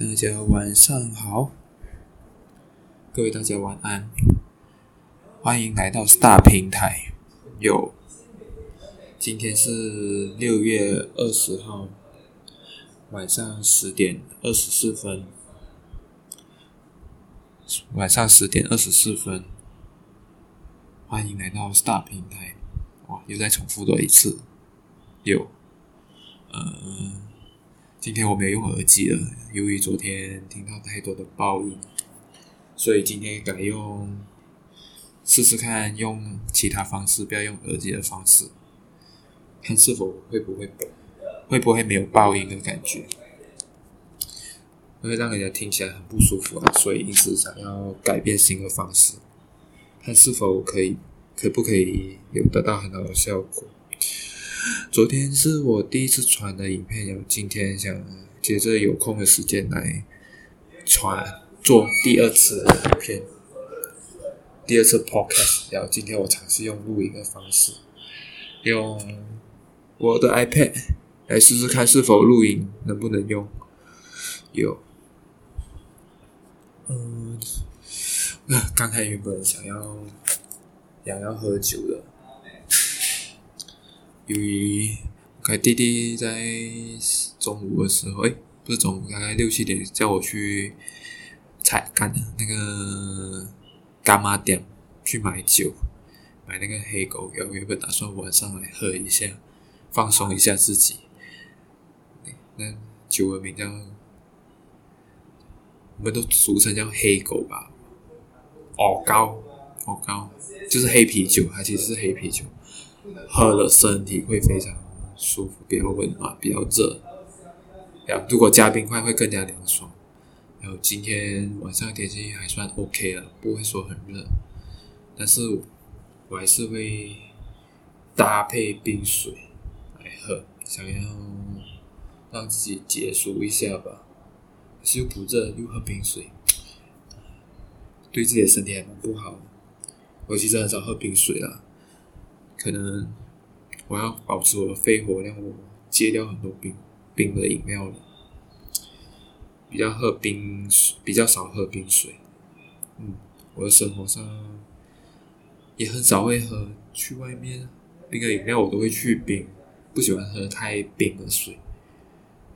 大家晚上好，各位大家晚安，歡迎來到 star 平臺。有，今天是六月二十號晚上十點二十四分，晚上十點二十四分，歡迎來到 star 平臺。哇，又再重複多一次，有，呃，嗯今天我沒有用耳機了，由於昨天聽到太多的爆音，所以今天改用，試試看用其他方式，不要用耳機的方式，看是否會不會會不會沒有爆音的感覺，會讓人家聽起來很不舒服啊，所以一直想要改變新的方式，看是否可以可不可以有得到很好的效果。昨天是我第一次傳的影片，然後今天想接着有空的時間來傳做第二次的影片，第二次 Podcast。然後今天我嘗試用錄影的方式，用我的 iPad 來試試看是否錄影能不能用。有，嗯，剛才原本想要想要喝酒的。由於我弟弟在中午的時候，哎、欸，不是中午，大概六七點叫我去采干那個乾媽店去買酒，買那個黑狗，然後原本打算晚上來喝一下，放鬆一下自己。那酒的名叫，我們都俗稱叫黑狗吧，哦，高，哦，高就是黑啤酒，它其實是黑啤酒。喝了身體會非常舒服，比較溫暖，比較熱。然後如果加冰塊會更加涼爽。然後今天晚上天氣還算 OK 了，不會說很熱，但是我，我還是會搭配冰水來喝，想要讓自己解暑一下吧。是又不熱又喝冰水，對自己的身體還蠻不好。我其實很少喝冰水啦。可能我要保持我的肺活量，我戒掉很多冰冰的飲料了，比較喝冰，比較少喝冰水。嗯，我的生活上也很少會喝去外面冰的飲料，我都會去冰，不喜歡喝太冰的水，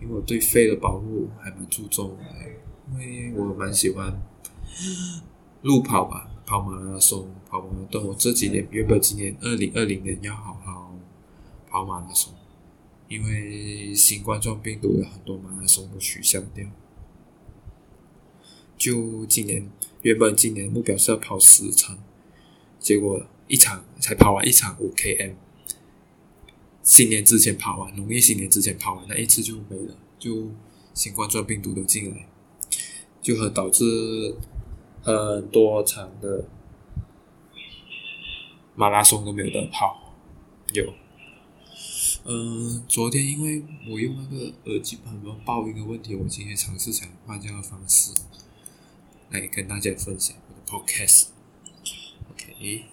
因為我對肺的保護還蠻注重的，因為我蠻喜歡路跑吧。跑馬拉松，跑馬拉松。我這幾年原本今年二零二零年要好好跑馬拉松，因為新冠狀病毒有很多馬拉松都取消掉。就今年原本今年目標是要跑十場，結果一場才跑完一場五 KM。新年之前跑完，農曆新年之前跑完，那一次就沒了，就新冠狀病毒都進來，就很導致。很、呃、多場的馬拉松都沒有得跑，有。嗯、呃，昨天因為我用那個耳機朋友報一個問題，我今天嘗試想換個方式，來跟大家分享我的 podcast。OK，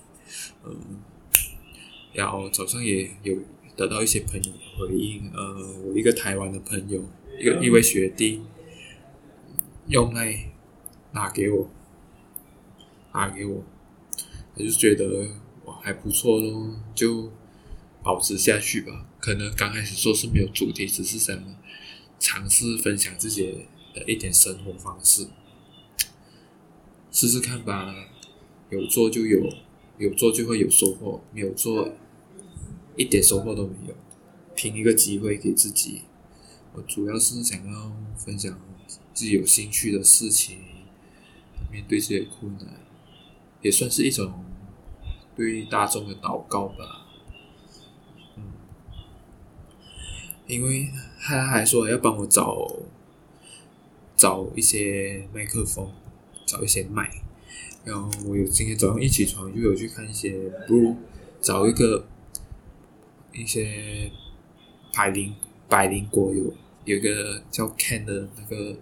嗯、呃，然後早上也有得到一些朋友的回應，呃，我一個台灣的朋友，一個一位學弟，用來拿給我。發給我，他就覺得我還不錯咯，就保持下去吧。可能剛開始做是沒有主題，只是想嘗試分享自己的一點生活方式，試試看吧。有做就有，有做就會有收穫；沒有做，一點收穫都沒有。拼一個機會給自己。我主要是想要分享自己有興趣的事情，面對這些困難。也算是一種對大眾的禱告吧，嗯，因為他還說要幫我找找一些麥克風，找一些麥，然後我有今天早上一起床就有去看一些，不如找一個一些百靈百靈果有有一個叫 Ken 的那個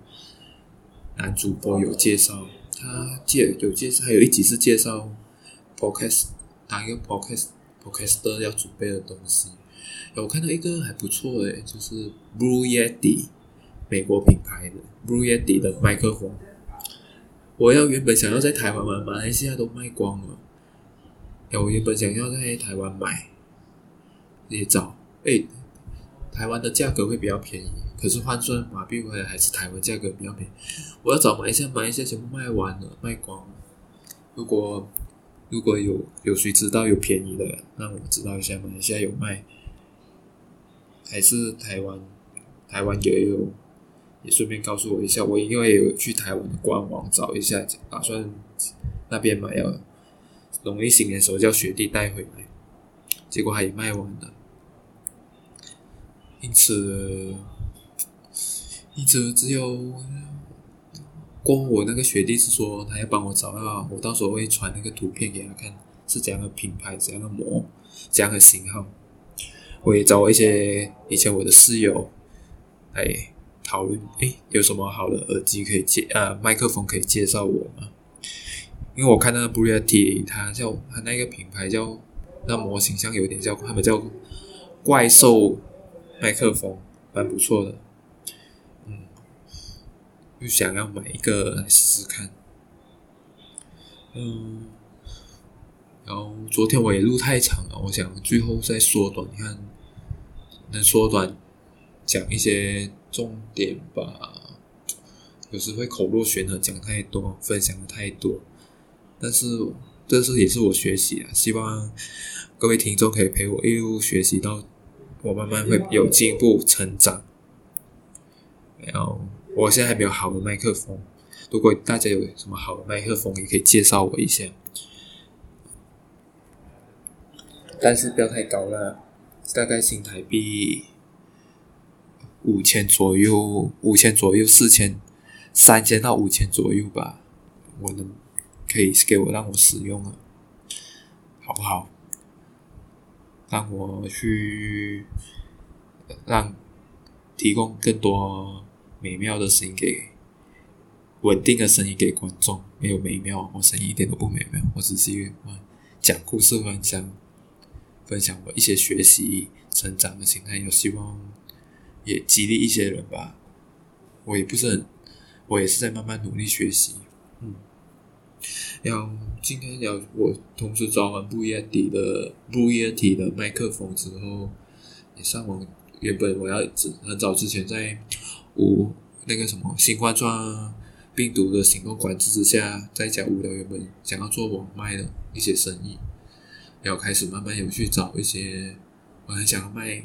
男主播有介紹。他介，有介紹，還有一集是介紹 podcast 他用 podcast podcaster 要準備的東西，哎。我看到一個還不錯哎，就是 Blue Yeti，美國品牌的 Blue Yeti 的麥克風。我要原本想要在台灣買，馬來西亞都賣光了，哎。我原本想要在台灣買，也找誒。哎台灣的價格會比較便宜，可是換算馬幣回來還是台灣價格比較便宜。我要找馬來西亞，馬來西亞，全部賣完了，賣光了。如果如果有有誰知道有便宜的，讓我知道一下，馬來西亞有賣還是台灣？台灣也有，也順便告訴我一下，我因為有去台灣的官網找一下，打算那邊買啊。農曆新年時候叫學弟帶回來，結果還賣完了。因此，因此只有，光我那個學弟是說，他要幫我找到，我到時候會傳那個圖片給他看，是怎樣的品牌，怎樣的模，怎樣的型號。我也找我一些以前我的室友來討論，哎，有什麼好的耳機可以介呃、啊、麥克風可以介紹我嗎？因為我看到 Blue Yeti，它叫，它那個品牌叫，那模型像有點叫，他們叫怪獸。麥克風蠻不錯的，嗯，就想要買一個來試試看。嗯，然後昨天我也錄太長了，我想最後再縮短看，看能縮短講一些重點吧。有時會口若懸河講太多，分享的太多，但是這是也是我學習啊，希望各位聽眾可以陪我一路學習到。我慢慢會有進一步成長。然後我現在還沒有好的麥克風，如果大家有什麼好的麥克風，也可以介紹我一下。但是不要太高了，大概新台幣五千左右，五千左右，四千、三千到五千左右吧。我能可以給我讓我使用了，好不好？讓我去讓提供更多美妙的聲音，給穩定的聲音給觀眾，沒有美妙，我聲音一點都不美妙，我只是講故事，分享分享我一些學習成長的心態，也希望也激勵一些人吧。我也不是很，我也是在慢慢努力學習，嗯。要今天要我同時找完布葉體的布葉體的麥克風之後，也上網。原本我要很早之前在無那個什麼新冠狀病毒的行動管制之下，在家無聊，原本想要做網賣的一些生意，然後開始慢慢有去找一些，我很想要賣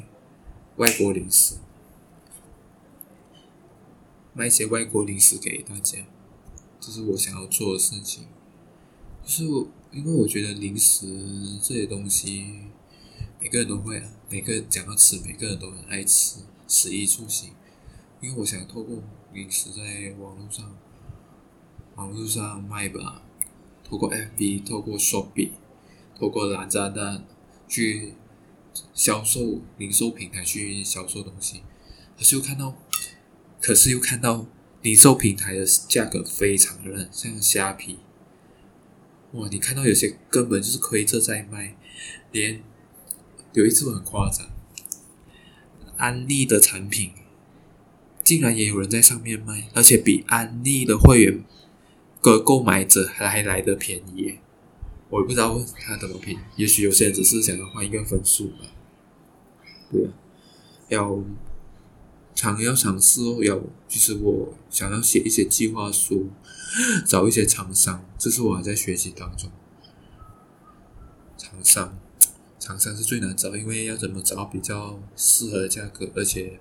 外國零食，賣一些外國零食給大家。這是我想要做的事情，就是我，因為我覺得零食這些東西，每個人都會啊，每個人講到吃，每個人都很愛吃，食衣住行，因為我想透過零食在網絡上，網絡上賣吧，透過 FB，透過 Shopee，透過 Lazada 去銷售零售平台去銷售東西，可是又看到，可是又看到。零售平台的價格非常的爛，像蝦皮，哇！你看到有些根本就是虧着在賣，連有一次我很誇張，安利的產品竟然也有人在上面賣，而且比安利的會員的購買者還來得便宜，我也不知道問他怎麼評，也許有些人只是想要換一個分數吧。對啊，要嘗要嘗試哦，要就是我想要寫一些計劃書，找一些廠商，這是我還在學習當中。廠商，廠商是最難找，因為要怎麼找比較適合的價格，而且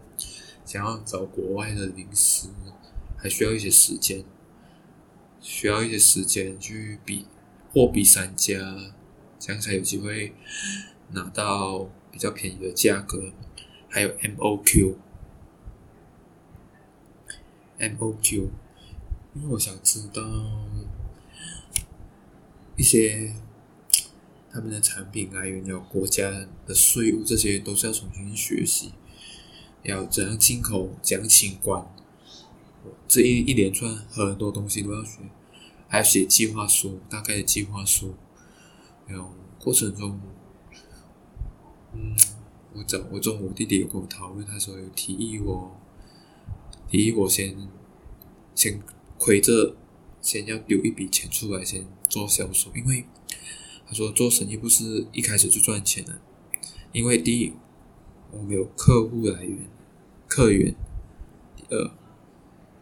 想要找國外的零食，還需要一些時間，需要一些時間去比貨比三家，這樣才有機會拿到比較便宜的價格，還有 MOQ。M O Q，因為我想知道一些他們的產品來源、有國家的稅務這些，都是要重新學習，要怎樣進口、怎樣清關，這一一連串很多東西都要學，還要寫計劃書，大概的計劃書。然後過程中，嗯，我昨我中午弟弟有跟我討論，他說有提議我。第一，我先先虧着，先要丟一筆錢出來，先做銷售。因為他說做生意不是一開始就賺錢的，因為第一，我沒有客戶來源、客源；第二，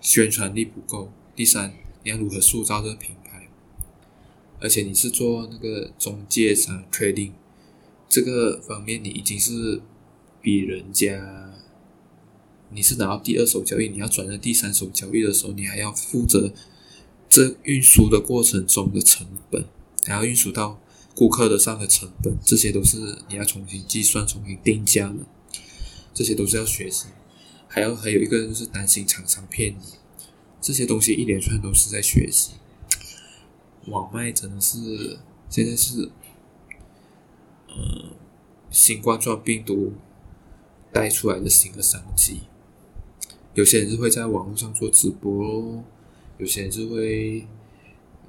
宣傳力不夠；第三，你要如何塑造這個品牌？而且你是做那個中介商，確定這個方面，你已經是比人家。你是拿到第二手交易，你要轉到第三手交易的時候，你還要負責這運輸的過程中的成本，還要運輸到顧客的上的成本，這些都是你要重新計算、重新定價的，這些都是要學習。還有還有一個人是擔心廠商騙你，這些東西一連串都是在學習。網賣真的是現在是，呃、嗯，新冠狀病毒帶出來的新的商機。有些人是會在網絡上做直播，有些人就會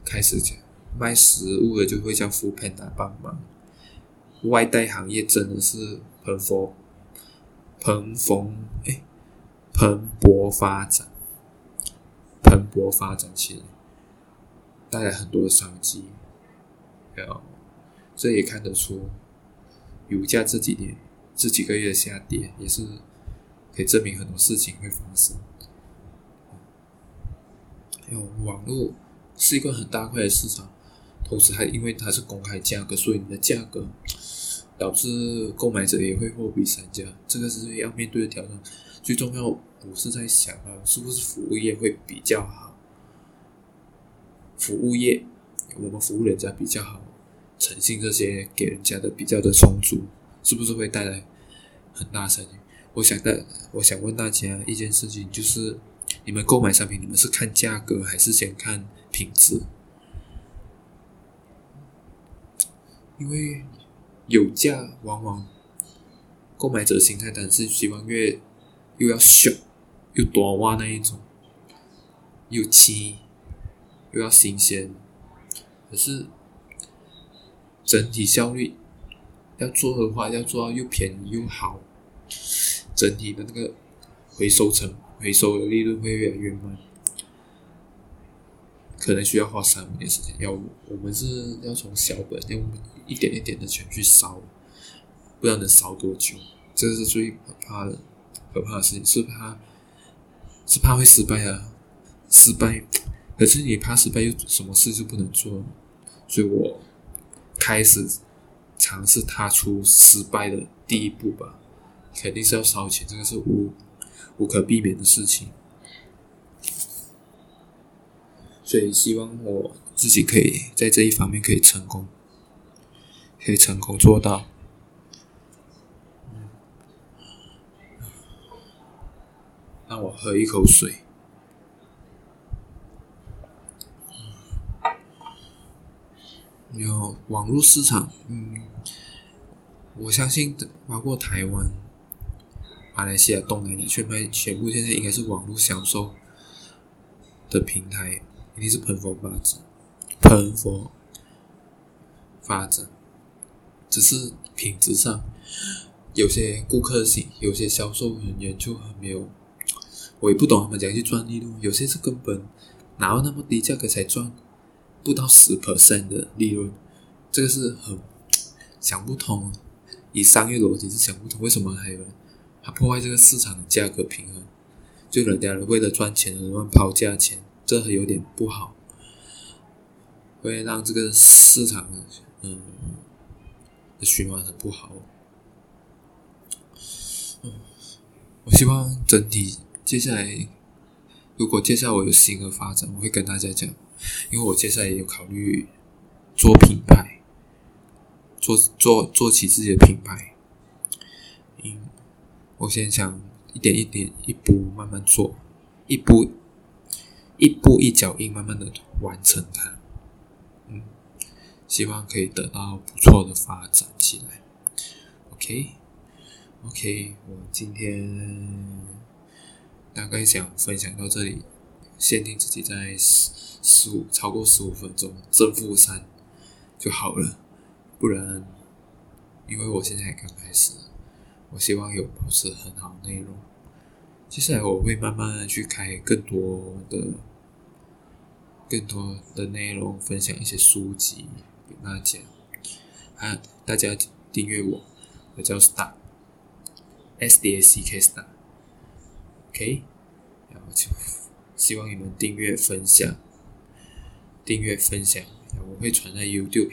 開始講賣食物的，就會叫 Foodpanda 來幫忙。外帶行業真的是蓬勃、蓬勃、哎，蓬勃發展，蓬勃發展起來，帶來很多商機。對啊，這也看得出油價這幾年、這幾個月的下跌也是。可以證明很多事情會發生。還有網絡是一個很大塊的市場，同時還因為它是公開價格，所以你的價格導致購買者也會貨比三家，這個是要面對的挑戰。最重要，我是在想啊，是不是服務業會比較好？服務業，我們服務人家比較好，誠信這些給人家的比較的充足，是不是會帶來很大生意？我想大，我想問大家一件事情，就是你們購買商品，你們是看價格還是先看品質？因為有價往往購買者心態，但是希望越又要小，又多哇那一種，又輕又要新鮮，可是整體效率要做的話，要做到又便宜又好。整體的那個回收成，回收的利潤會越來越慢，可能需要花三五年時間。要我們是要從小本，要用一點一點的錢去燒，不知道能燒多久。這是最可怕，怕的，可怕的事情是怕是怕會失敗啊！失敗，可是你怕失敗又什麼事就不能做？所以我開始嘗試踏出失敗的第一步吧。肯定是要燒錢，這個是無無可避免的事情。所以，希望我自己可以在這一方面可以成功，可以成功做到。讓我喝一口水。有網絡市場，嗯，我相信包括台灣。馬來西亞東南亞全賣全部現在應該是網絡銷售的平台，一定是蓬勃發展。蓬勃發展，只是品質上有些顧客喜，有些銷售人員就很沒有。我也不懂他們怎樣去賺利潤，有些是根本哪有那麼低價格才賺不到十 percent 的利潤，這個是很想不通。以商業邏輯是想不通，為什麼還有？它破壞這個市場的價格平衡，就人家為了賺錢，而亂拋價錢，這還有點不好，會讓這個市場的嗯的循環很不好。嗯，我希望整體接下來，如果接下來我有新的發展，我會跟大家講，因為我接下來也有考慮做品牌，做做做起自己的品牌。我先想一點一點，一步慢慢做，一步一步一腳印，慢慢的完成它。嗯，希望可以得到不錯的發展起來。OK，OK，okay? Okay, 我今天大概想分享到這裡，限定自己在十五超過十五分鐘，正負三就好了，不然因為我現在剛開始。我希望有保持很好的內容，接下來我會慢慢的去開更多的，更多的內容，分享一些書籍給大家，啊，大家要訂閱我，我叫 Star，S D C K Star，OK，OK? 然後就希望你們訂閱分享，訂閱分享，我會傳在 YouTube 頻道。